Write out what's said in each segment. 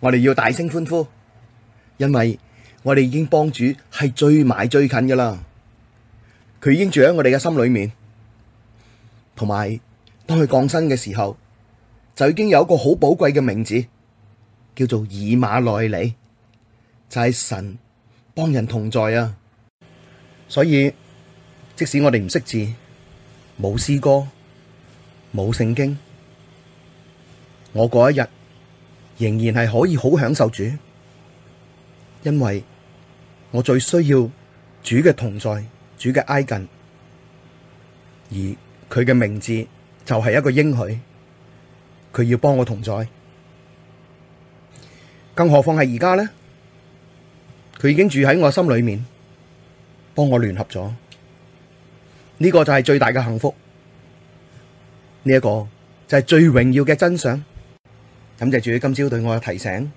我哋要大聲歡呼，因為我哋已經幫主係最埋最近噶啦，佢已經住喺我哋嘅心裏面，同埋當佢降生嘅時候，就已經有一個好寶貴嘅名字，叫做以馬內利，就係、是、神幫人同在啊！所以即使我哋唔識字，冇詩歌，冇聖經，我嗰一日。仍然係可以好享受主，因為我最需要主嘅同在、主嘅挨近，而佢嘅名字就係一個應許，佢要幫我同在。更何況係而家呢？佢已經住喺我心裏面，幫我聯合咗，呢個就係最大嘅幸福，呢一個就係最榮耀嘅真相。感謝主今朝對我嘅提醒，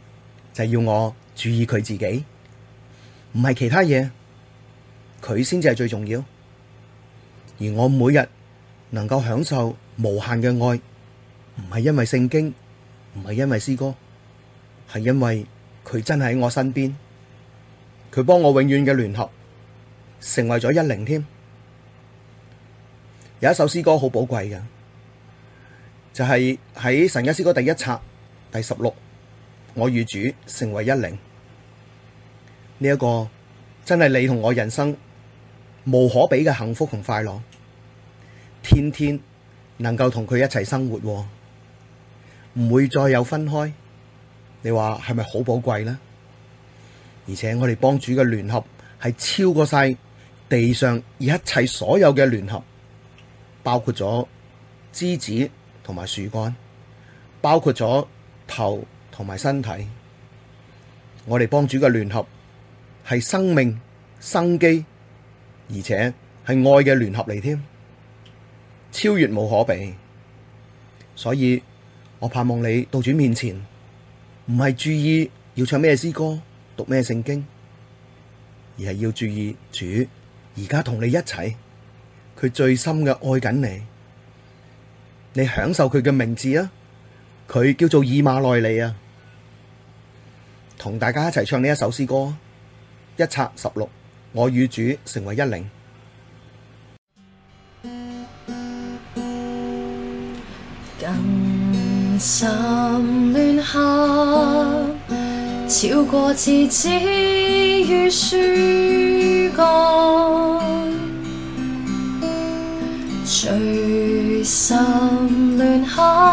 就係要我注意佢自己，唔係其他嘢，佢先至係最重要。而我每日能夠享受無限嘅愛，唔係因為聖經，唔係因為詩歌，係因為佢真係喺我身邊，佢幫我永遠嘅聯合，成為咗一靈添。有一首詩歌好寶貴嘅，就係喺神家詩歌第一冊。第十六，我與主成為一靈，呢一個真係你同我人生無可比嘅幸福同快樂，天天能夠同佢一齊生活，喎，唔會再有分開。你話係咪好寶貴呢？而且我哋幫主嘅聯合係超過晒地上而一切所有嘅聯合，包括咗枝子同埋樹幹，包括咗。頭同埋身體，我哋幫主嘅聯合係生命、生機，而且係愛嘅聯合嚟添，超越冇可比。所以，我盼望你到主面前，唔係注意要唱咩詩歌、讀咩聖經，而係要注意主而家同你一齊，佢最深嘅愛緊你，你享受佢嘅名字啊！佢叫做以馬內利啊，同大家一齊唱呢一首詩歌，一冊十六，我與主成為一靈。更深聯合，超過枝子與樹幹，最深聯合。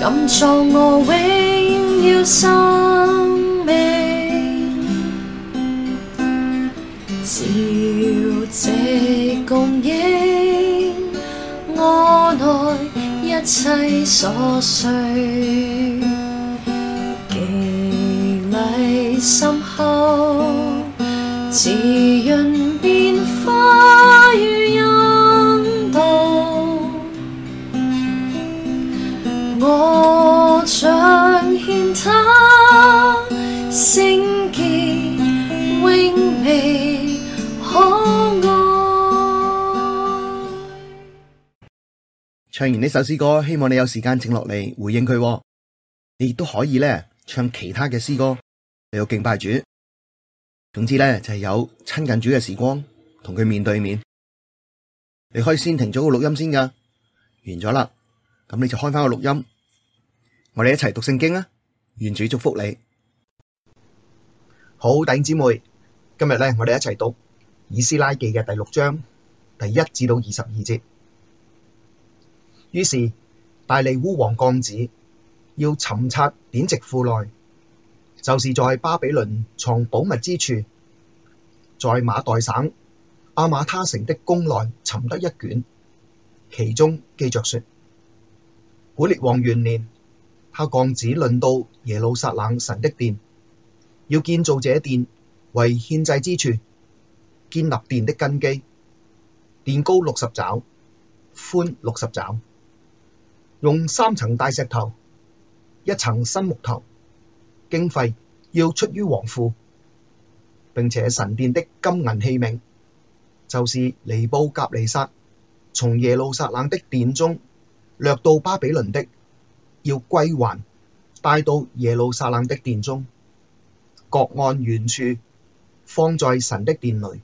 今作我榮耀生命，朝夕供應，我內一切所需，激勵深。唱完呢首詩歌，希望你有時間靜落嚟，回應佢，哦。你亦都可以咧唱其他嘅詩歌嚟到敬拜主。總之咧就係、是、有親近主嘅時光，同佢面對面。你可以先停咗個錄音先噶，完咗啦，咁你就開返個錄音。我哋一齊讀聖經啊！願主祝福你。好，弟兄姊妹，今日咧我哋一齊讀以斯拉記嘅第六章第一至到二十二節。於是大利烏王降旨，要尋察典籍庫內，就是在巴比倫藏寶物之處，在瑪代省亞馬他城的宮內尋得一卷，其中記着說：古列王元年，他降旨論到耶路撒冷神的殿，要建造這殿為獻祭之處，建立殿的根基，殿高六十肘，寬六十肘。」用三層大石頭，一層新木頭，經費要出於王庫。並且神殿的金銀器皿，就是尼布甲尼撒從耶路撒冷的殿中掠到巴比倫的，要歸還帶到耶路撒冷的殿中，各按原處放在神的殿裏。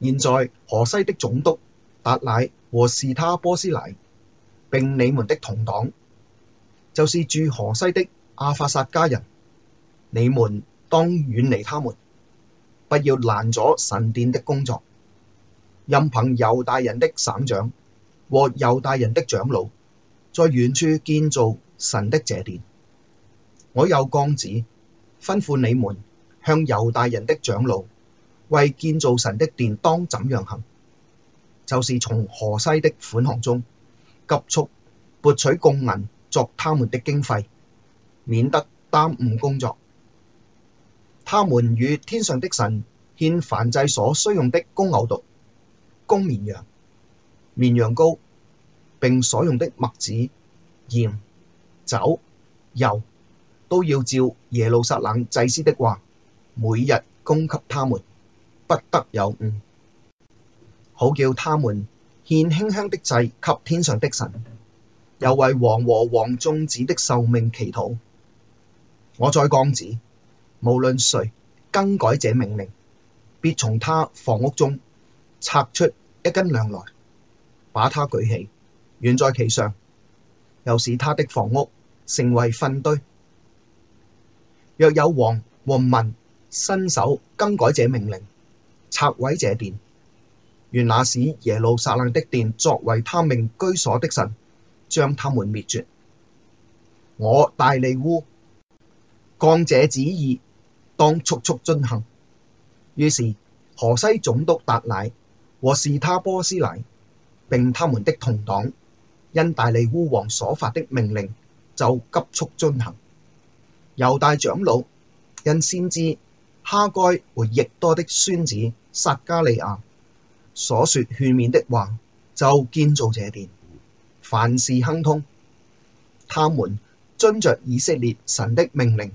現在河西的總督達乃和示他波斯乃。並你們的同黨，就是住河西的亞法薩迦人，你們當遠離他們，不要攔阻神殿的工作。任憑猶大人的省長和猶大人的長老，在遠處建造神的這殿。我又降旨，吩咐你們向猶大人的長老，為建造神的殿當怎樣行，就是從河西的款項中。急速撥取貢銀作他們的經費，免得耽誤工作。他們與天上的神獻燔祭所需用的公牛犢、公綿羊、綿羊羔，並所用的麥子、鹽、酒、油，都要照耶路撒冷祭司的話，每日供給他們，不得有誤，好叫他們。獻馨香的祭給天上的神，又為王和王眾子的壽命祈禱。我再降旨：無論誰更改這命令，必從他房屋中拆出一根梁來，把他舉起，懸在其上；又使他的房屋成為糞堆。若有王和民伸手更改這命令，拆毀這殿。願那使耶路撒冷的殿作為他名居所的神，將他們滅絕。我大利烏降這旨意，當速速遵行。於是，河西總督達乃和示他波斯乃，並他們的同黨，因大利烏王所發的命令，就急速遵行，猶大長老因先知哈該和易多的孫子撒迦利亞。所說勸勉的話，就建造這殿，凡事亨通。他們遵着以色列神的命令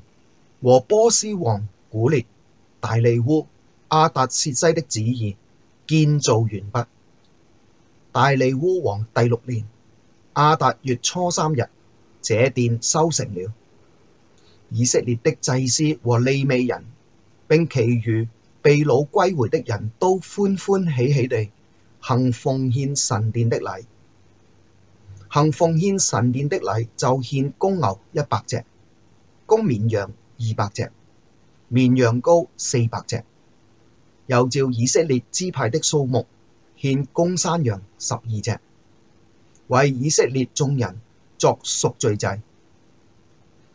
和波斯王古列、大利烏、亞達薛西的旨意，建造完畢。大利烏王第六年，亞達月初三日，這殿修成了。以色列的祭司和利未人，並其餘。被擄歸回的人都歡歡喜喜地行奉獻神殿的禮，行奉獻神殿的禮就獻公牛一百隻，公綿羊二百隻，綿羊羔四百隻，又照以色列支派的數目獻公山羊十二隻，為以色列眾人作贖罪祭，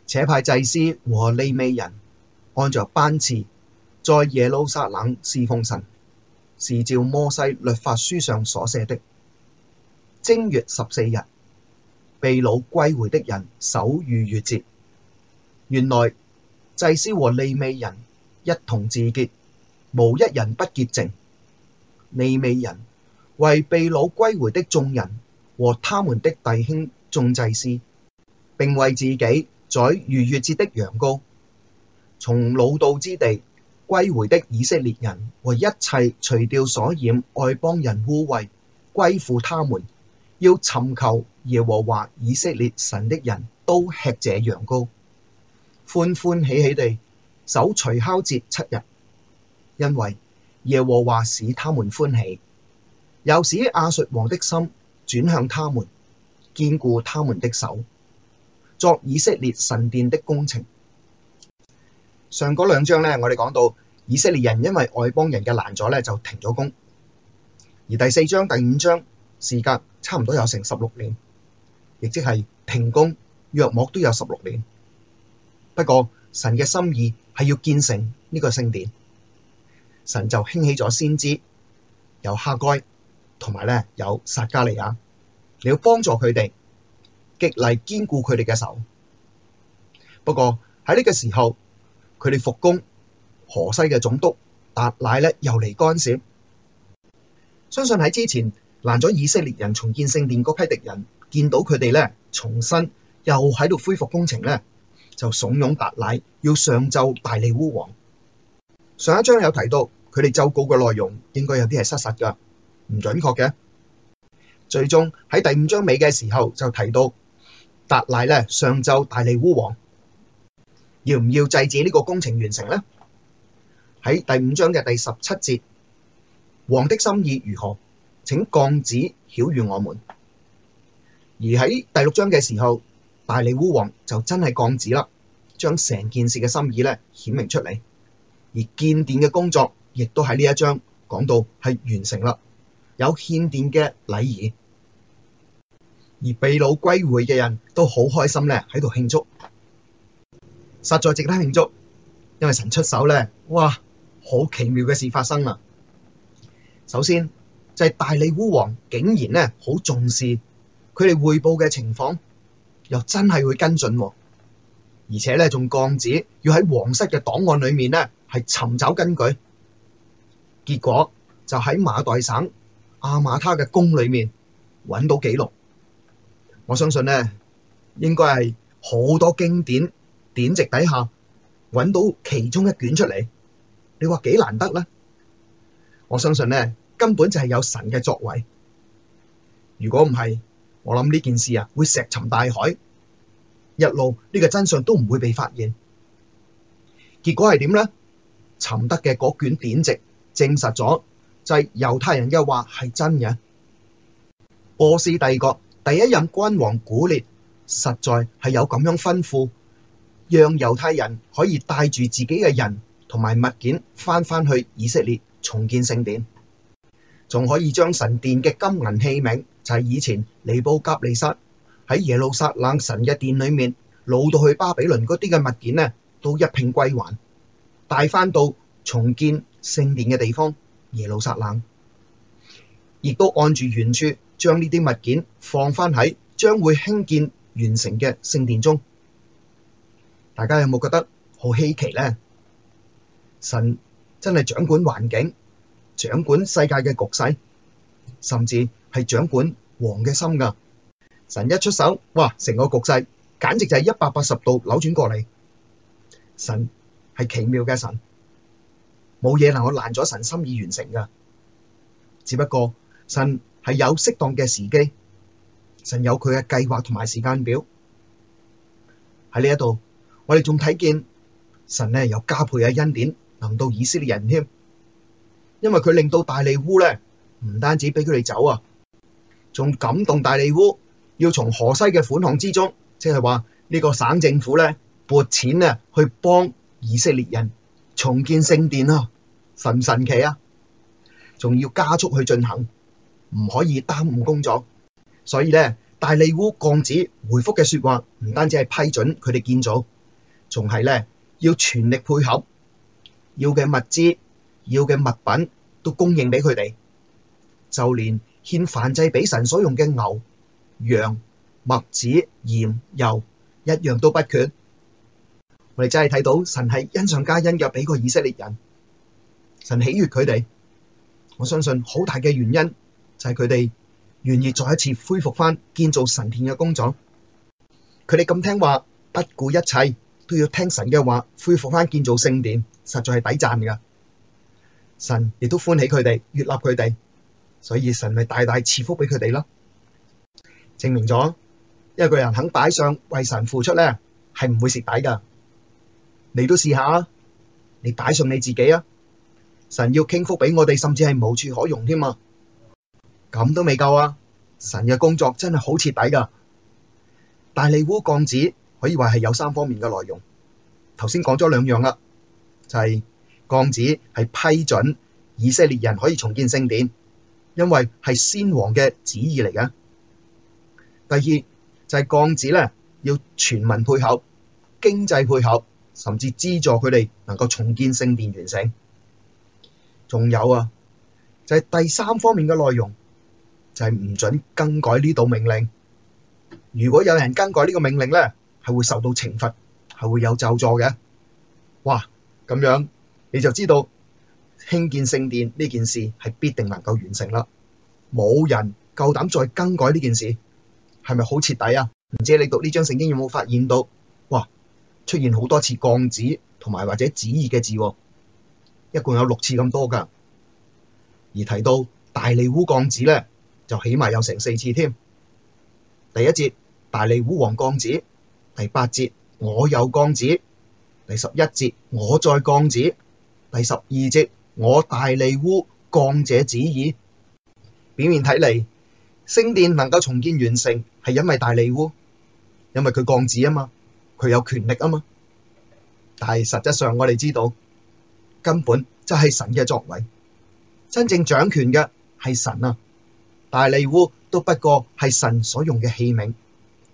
且派祭司和利未人按着班次。在耶路撒冷侍奉神，是照摩西律法書上所寫的。正月十四日，被擄歸回的人守逾越節，原來祭司和利未人一同自潔，無一人不潔淨。利未人為被擄歸回的眾人和他們的弟兄眾祭司，並為自己宰逾越節的羊羔，從擄到之地。歸回的以色列人和一切除掉所染外邦人污穢，歸附他們，要尋求耶和華以色列神的人都吃這羊羔，歡歡喜喜地守除酵節七日，因為耶和華使他們歡喜，又使亞述王的心轉向他們，堅固他們的手，作以色列神殿的工程。上嗰兩章咧，我哋講到以色列人因為外邦人嘅攔阻咧，就停咗工。而第四章、第五章時間差唔多有成十六年，亦即係停工約莫都有十六年。不過神嘅心意係要建成呢個聖殿，神就興起咗先知，有哈該同埋咧有撒迦利亞，你要幫助佢哋極力堅固佢哋嘅手。不過喺呢個時候。佢哋復工，河西嘅總督達乃咧又嚟干涉。相信喺之前攔咗以色列人重建聖殿嗰批敵人，見到佢哋咧重新又喺度恢復工程咧，就慫恿達乃要上奏大利烏王。上一章有提到佢哋奏告嘅內容應該有啲係失實㗎，唔準確嘅。最終喺第五章尾嘅時候就提到達乃咧上奏大利烏王。要唔要制止呢個工程完成呢？喺第五章嘅第十七節，王的心意如何？請降旨曉諭我們。而喺第六章嘅時候，大利烏王就真係降旨啦，將成件事嘅心意咧顯明出嚟。而建殿嘅工作亦都喺呢一章講到係完成啦。有獻殿嘅禮儀，而被擄歸回嘅人都好開心咧，喺度慶祝。實在值得慶祝，因為神出手咧，哇！好奇妙嘅事發生啦。首先就係大利烏王竟然咧好重視佢哋匯報嘅情況，又真係會跟進，而且咧仲降旨要喺皇室嘅檔案裏面咧係尋找根據。結果就喺瑪代省亞馬他嘅宮裏面揾到記錄。我相信咧應該係好多經典。典籍底下揾到其中一卷出嚟，你話幾難得呢？我相信呢，根本就係有神嘅作為。如果唔係，我諗呢件事啊會石沉大海，一路呢個真相都唔會被發現。結果係點呢？尋得嘅嗰卷典籍證實咗，就係猶太人嘅話係真嘅。波斯帝國第一任君王古列實在係有咁樣吩咐。讓猶太人可以帶住自己嘅人同埋物件翻返去以色列重建聖殿，仲可以將神殿嘅金銀器皿，就係、是、以前尼布甲尼撒喺耶路撒冷神嘅殿裏面擄到去巴比倫嗰啲嘅物件呢，都一併歸還，帶返到重建聖殿嘅地方耶路撒冷，亦都按住原處將呢啲物件放返喺將會興建完成嘅聖殿中。大家有冇覺得好稀奇呢？神真係掌管環境、掌管世界嘅局勢，甚至係掌管王嘅心㗎。神一出手，哇！成個局勢簡直就係一百八十度扭轉過嚟。神係奇妙嘅神，冇嘢能夠攔阻神心意完成㗎。只不過神係有適當嘅時機，神有佢嘅計劃同埋時間表喺呢一度。我哋仲睇見神咧，有加倍嘅恩典臨到以色列人添，因為佢令到大利烏咧，唔單止俾佢哋走啊，仲感動大利烏要從河西嘅款項之中，即係話呢個省政府咧，撥錢啊，去幫以色列人重建聖殿啊，神唔神奇啊？仲要加速去進行，唔可以耽誤工作，所以咧，大利烏降旨回覆嘅說話，唔單止係批准佢哋建造。仲係咧，要全力配合，要嘅物資、要嘅物品都供應俾佢哋，就連獻燔祭俾神所用嘅牛、羊、麥子、鹽、油，一樣都不缺。我哋真係睇到神係恩上加恩嘅，俾個以色列人，神喜悅佢哋。我相信好大嘅原因就係佢哋願意再一次恢復翻建造神殿嘅工作，佢哋咁聽話，不顧一切。都要聽神嘅話，恢復翻建造聖殿，實在係抵賺噶。神亦都歡喜佢哋，悅納佢哋，所以神咪大大賜福俾佢哋咯。證明咗一個人肯擺上為神付出咧，係唔會蝕底噶。你都試下，啊，你擺上你自己啊！神要傾福俾我哋，甚至係無處可用可容添啊！咁都未夠啊！神嘅工作真係好徹底噶，大利烏降旨。可以話係有三方面嘅內容。頭先講咗兩樣啦，就係降旨係批准以色列人可以重建聖殿，因為係先王嘅旨意嚟嘅。第二就係降旨咧，要全民配合、經濟配合，甚至資助佢哋能夠重建聖殿完成。仲有啊，就係第三方面嘅內容，就係唔准更改呢道命令。如果有人更改呢個命令咧？係會受到懲罰，係會有咒詛嘅。哇，咁樣你就知道興建聖殿呢件事係必定能夠完成啦。冇人夠膽再更改呢件事，係咪好徹底啊？唔知你讀呢張聖經有冇發現到？哇，出現好多次降旨同埋或者旨意嘅字，一共有六次咁多㗎。而提到大利烏降旨咧，就起碼有成四次添。第一節大利烏王降旨。第八節，我又降旨；第十一節，我再降旨；第十二節，我大利烏降這旨意。表面睇嚟，聖殿能夠重建完成，係因為大利烏，因為佢降旨啊嘛，佢有權力啊嘛。但係實質上，我哋知道，根本就係神嘅作為，真正掌權嘅係神啊！大利烏都不過係神所用嘅器皿。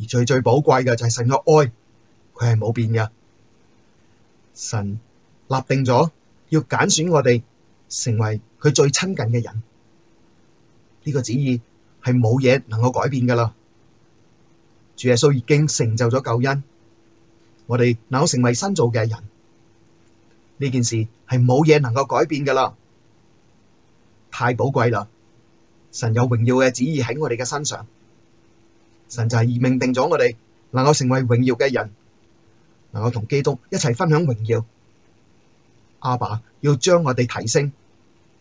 而最最寶貴嘅就係神嘅愛，佢係冇變嘅。神立定咗要揀選,選我哋成為佢最親近嘅人，呢、這個旨意係冇嘢能夠改變噶啦。主耶穌已經成就咗救恩，我哋能成為新造嘅人，呢件事係冇嘢能夠改變噶啦。太寶貴啦！神有榮耀嘅旨意喺我哋嘅身上。神就係而命定咗我哋能夠成為榮耀嘅人，能夠同基督一齊分享榮耀。阿爸要將我哋提升，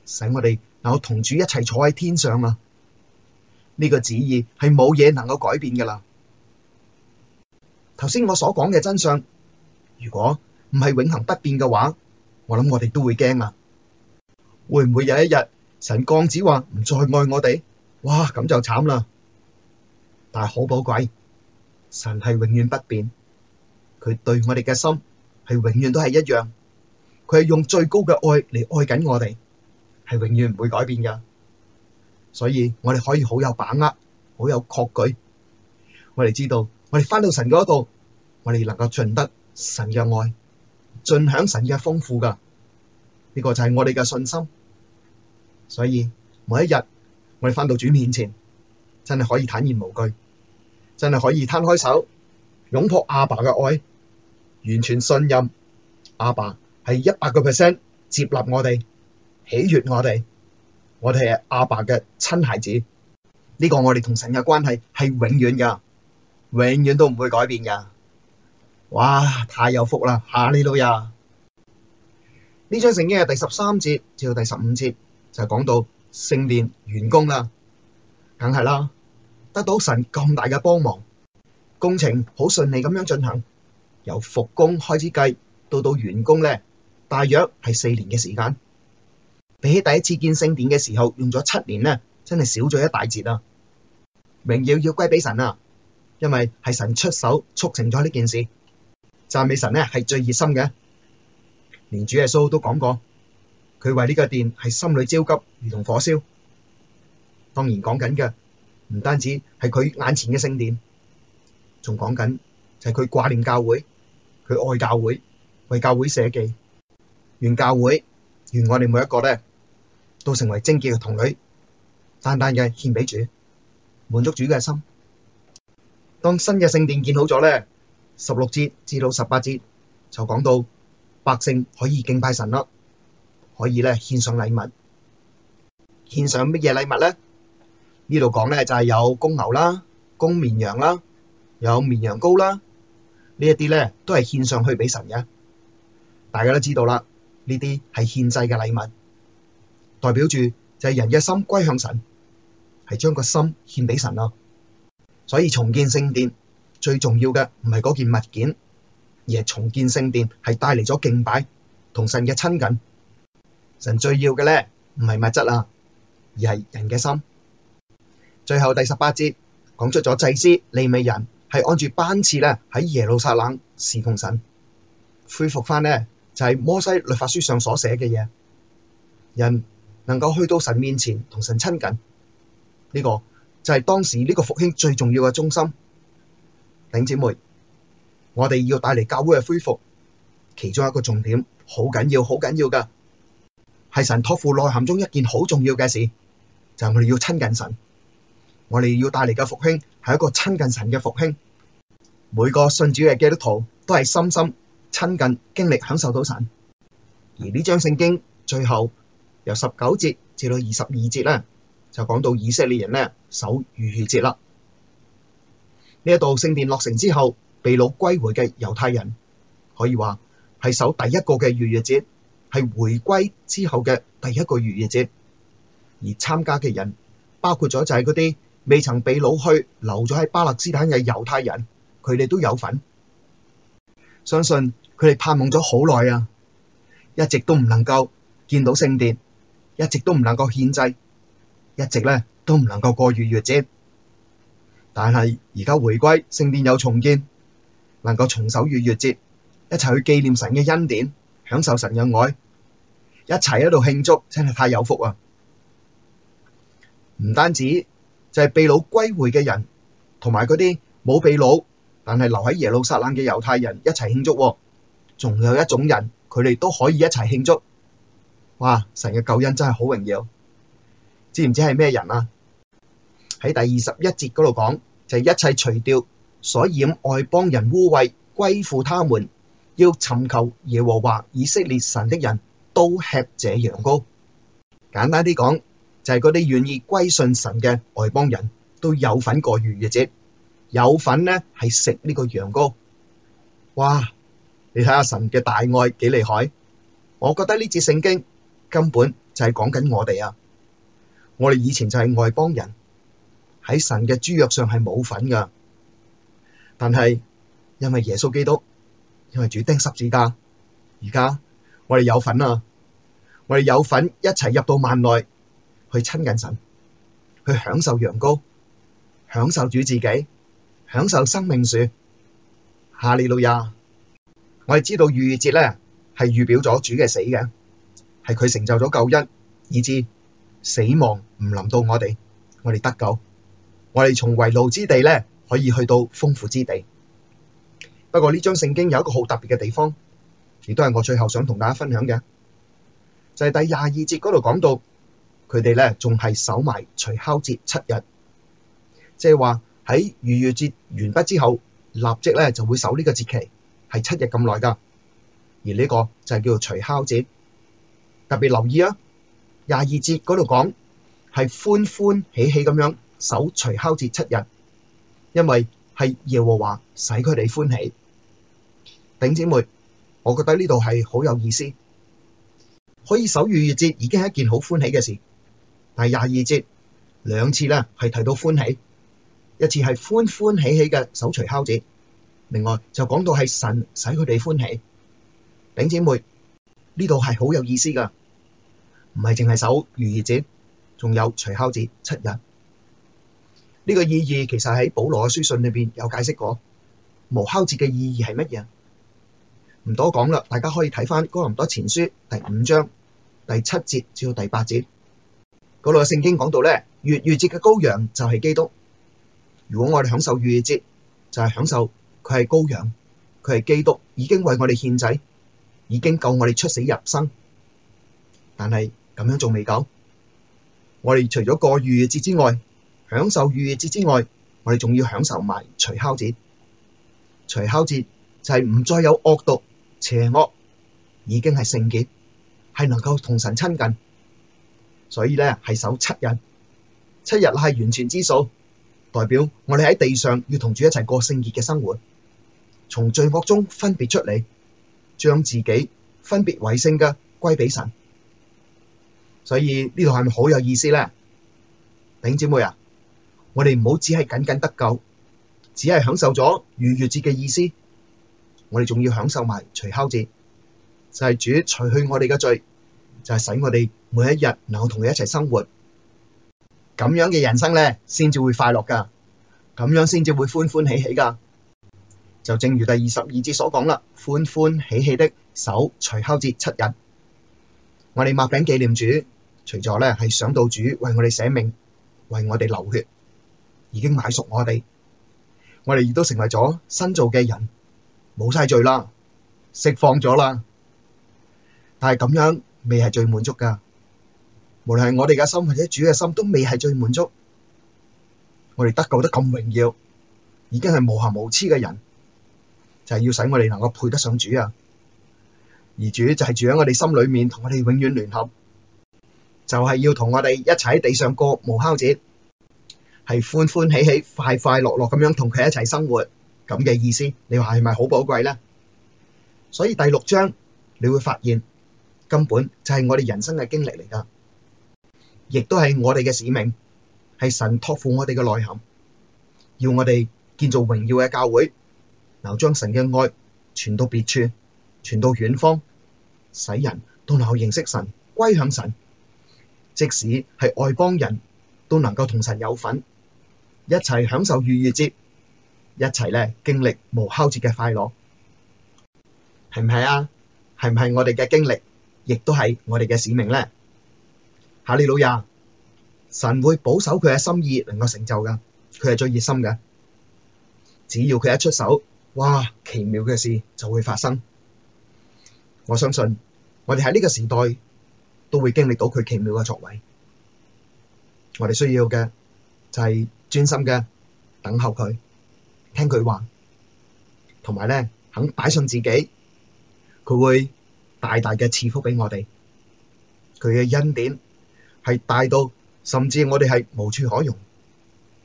使我哋能夠同主一齊坐喺天上啊！呢個旨意係冇嘢能夠改變噶啦。頭先我所講嘅真相，如果唔係永恆不變嘅話，我諗我哋都會驚啊！會唔會有一日神降旨話唔再愛我哋？哇，咁就慘啦！但係好寶貴，神係永遠不變，佢對我哋嘅心係永遠都係一樣，佢係用最高嘅愛嚟愛緊我哋，係永遠唔會改變噶。所以我哋可以好有把握，好有確據。我哋知道我，我哋翻到神嗰度，我哋能夠盡得神嘅愛，盡享神嘅豐富噶。呢、呢個就係我哋嘅信心。所以每一日我哋翻到主面前，真係可以坦然無懼。真係可以攤開手擁抱阿爸嘅愛，完全信任阿爸係一百個 percent 接納我哋，喜悅我哋，我哋係阿爸嘅親孩子。呢個我哋同成日關係同神嘅關係係永遠噶，永遠都唔會改變噶。哇！太有福啦，下呢度呀？呢張聖經係第十三節至到第十五節就講到聖殿完工啦，梗係啦。得到神咁大嘅幫忙，工程好順利咁樣進行，由復工開始計到到完工咧，大約係四年嘅時間。比起第一次建聖殿嘅時候用咗七年咧，真係少咗一大截啊！榮耀要歸俾神啊，因為係神出手促成咗呢件事，讚美神呢係最熱心嘅。連主耶穌都講過，佢為呢個殿係心裏焦急如同火燒。當然講緊嘅。唔單止係佢眼前嘅聖殿，仲講緊就係佢掛念教會，佢愛教會，為教會捨己，願教會，願我哋每一個咧都成為貞潔嘅童女，單單嘅獻俾主，滿足主嘅心。當新嘅聖殿建好咗咧，十六節至到十八節就講到百姓可以敬拜神啦，可以咧獻上禮物，獻上乜嘢禮物咧？呢度講咧就係有公牛啦、公綿羊啦，有綿羊羔啦，呢一啲咧都係獻上去俾神嘅。大家都知道啦，呢啲係獻祭嘅禮物，代表住就係人嘅心歸向神，係將個心獻俾神囉。所以重建聖殿最重要嘅唔係嗰件物件，而係重建聖殿係帶嚟咗敬拜同神嘅親近。神最要嘅咧唔係物質啦，而係人嘅心。最後第十八節講出咗祭司利未人係按住班次咧喺耶路撒冷侍奉神，恢復翻，咧就係、是、摩西律法書上所寫嘅嘢，人能夠去到神面前同神親近，呢、這個就係、是、當時呢個復興最重要嘅中心。頂姐妹，我哋要帶嚟教會嘅恢復，其中一個重點好緊要好緊要噶，係神託付內涵中一件好重要嘅事，就係、是、我哋要親近神。我哋要帶嚟嘅復興係一個親近神嘅復興。每個信主嘅基督徒都係深深親近、經歷、享受到神。而呢張聖經最後由十九節至到二十二節咧，就講到以色列人咧守逾越節啦。呢一度聖殿落成之後，被擄歸回嘅猶太人可以話係守第一個嘅逾越節，係回歸之後嘅第一個逾越節。而參加嘅人包括咗就係嗰啲。未曾被擄去留咗喺巴勒斯坦嘅猶太人，佢哋都有份。相信佢哋盼望咗好耐啊，一直都唔能夠見到聖殿，一直都唔能夠獻祭，一直呢都唔能夠過逾越節。但係而家回歸聖殿又重建，能夠重守逾越節，一齊去紀念神嘅恩典，享受神嘅愛，一齊喺度慶祝，真係太有福啊！唔單止。就係被擄歸回嘅人，同埋嗰啲冇被擄但係留喺耶路撒冷嘅猶太人一齊慶祝，哦。仲有一種人，佢哋都可以一齊慶祝！哇！神嘅救恩真係好榮耀。知唔知係咩人啊？喺第二十一節嗰度講，就係、是、一切除掉所染外邦人污穢、歸附他們、要尋求耶和華以色列神的人，都吃這羊羔。簡單啲講。就係嗰啲願意歸信神嘅外邦人都有份過逾越節，有份呢係食呢個羊羔。哇！你睇下神嘅大愛幾厲害？我覺得呢節聖經根本就係講緊我哋啊！我哋以前就係外邦人，喺神嘅豬肉上係冇份噶但係因為耶穌基督，因為主釘十字架，而家我哋有份啊，我哋有份，一齊入到萬內。去親近神，去享受羊羔，享受主自己，享受生命樹。哈利路亞！我哋知道逾越節咧係預表咗主嘅死嘅，係佢成就咗救恩，以致死亡唔臨到我哋，我哋得救，我哋從圍路之地咧可以去到豐富之地。不過呢張聖經有一個好特別嘅地方，亦都係我最後想同大家分享嘅，就係第廿二節嗰度講到。佢哋咧仲係守埋除酵節七日，即係話喺逾越節完畢之後，立即咧就會守呢個節期，係七日咁耐噶。而呢個就係叫做除酵節，特別留意啊，廿二節嗰度講係歡歡喜喜咁樣守除酵節七日，因為係耶和華使佢哋歡喜。頂姐妹，我覺得呢度係好有意思，可以守逾越節已經係一件好歡喜嘅事。第廿二節兩次咧，係提到歡喜，一次係歡歡喜喜嘅守除酵節，另外就講到係神使佢哋歡喜。頂姐妹，呢度係好有意思噶，唔係淨係守逾越節，仲有除酵節七日呢個意義，其實喺保羅嘅書信裏邊有解釋過。無酵節嘅意義係乜嘢？唔多講啦，大家可以睇翻《哥林多前書》第五章第七節至到第八節。嗰度嘅聖經講到咧，逾越節嘅羔羊就係基督。如果我哋享受逾越節，就係、是、享受佢係羔羊，佢係基督，已經為我哋獻祭，已經救我哋出死入生。但係咁樣仲未夠，我哋除咗過逾越節之外，享受逾越節之外，我哋仲要享受埋除酵節。除酵節就係唔再有惡毒邪惡，已經係聖潔，係能夠同神親近。所以咧，係守七日，七日係完全之數，代表我哋喺地上要同主一齊過聖潔嘅生活，從罪惡中分別出嚟，將自己分別為聖嘅歸俾神。所以呢度係咪好有意思咧？弟兄姊妹啊，我哋唔好只係僅僅得救，只係享受咗逾越節嘅意思，我哋仲要享受埋除酵節，就係、是、主除去我哋嘅罪。就係使我哋每一日能夠同佢一齊生活，咁樣嘅人生咧，先至會快樂噶，咁樣先至會歡歡喜喜噶。就正如第二十二節所講啦，歡歡喜喜地守除酵節七日。我哋麥餅紀念主，除咗咧係想到主為我哋捨命，為我哋流血，已經買贖我哋，我哋亦都成為咗新造嘅人，冇晒罪啦，釋放咗啦。但係咁樣，未係最滿足噶，無論係我哋嘅心或者主嘅心，都未係最滿足。我哋得救得咁榮耀，已經係無瑕無疵嘅人，就係要使我哋能夠配得上主啊！而主就係住喺我哋心裏面，同我哋永遠聯合，就係要同我哋一齊喺地上過無酵節，係歡歡喜喜、快快樂樂咁樣同佢一齊生活，咁嘅意思，你話係咪好寶貴咧？所以第六章你會發現。根本就係我哋人生嘅經歷嚟噶，亦都係我哋嘅使命，係神託付我哋嘅內涵，要我哋建造榮耀嘅教會，然後，將神嘅愛傳到別處，傳到遠方，使人都能夠認識神，歸向神，即使係外邦人都能夠同神有份，一齊享受逾越節，一齊咧經歷無酵節嘅快樂，係唔係啊？係唔係我哋嘅經歷？亦都係我哋嘅使命咧，哈利路亞，神會保守佢嘅心意，能夠成就噶。佢係最熱心嘅，只要佢一出手，哇，奇妙嘅事就會發生。我相信我哋喺呢個時代都會經歷到佢奇妙嘅作為。我哋需要嘅就係專心嘅等候佢，聽佢話，同埋咧肯擺上自己，佢會。大大嘅賜福俾我哋，佢嘅恩典係大到甚至我哋係無處可容，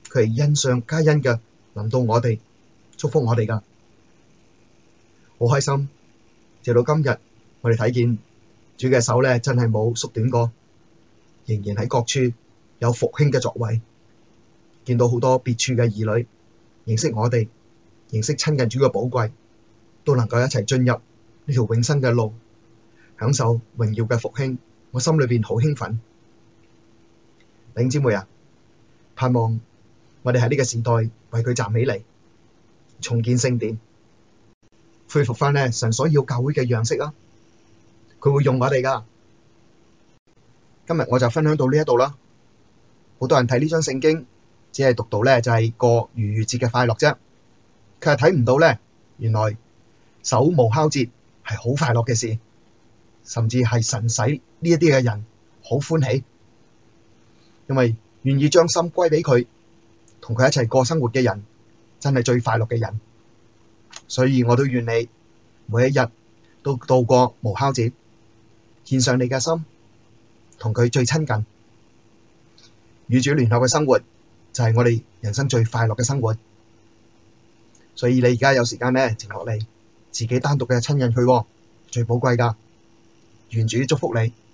佢係恩上加恩嘅，臨到我哋祝福我哋噶，好開心。直到今日我哋睇見主嘅手咧，真係冇縮短過，仍然喺各處有復興嘅作為。見到好多別處嘅兒女認識我哋，認識親近主嘅寶貴，都能夠一齊進入呢條永生嘅路。享受榮耀嘅復興，我心裏邊好興奮，弟兄姊妹啊，盼望我哋喺呢個時代為佢站起嚟，重建聖殿，恢復翻咧神所要教會嘅樣式啦。佢會用我哋噶。今日我就分享到呢一度啦。好多人睇呢張聖經，只係讀到咧就係過逾越節嘅快樂啫，佢係睇唔到咧，原來守除酵節係好快樂嘅事。甚至係神使呢一啲嘅人好歡喜，因為願意將心歸畀佢，同佢一齊過生活嘅人真係最快樂嘅人。所以我都願你每一日都度過無敲折，獻上你嘅心，同佢最親近，與主聯絡嘅生活就係、是、我哋人生最快樂嘅生活。所以你而家有時間咧，靜落嚟自己單獨嘅親近佢，最寶貴㗎。願主祝福你。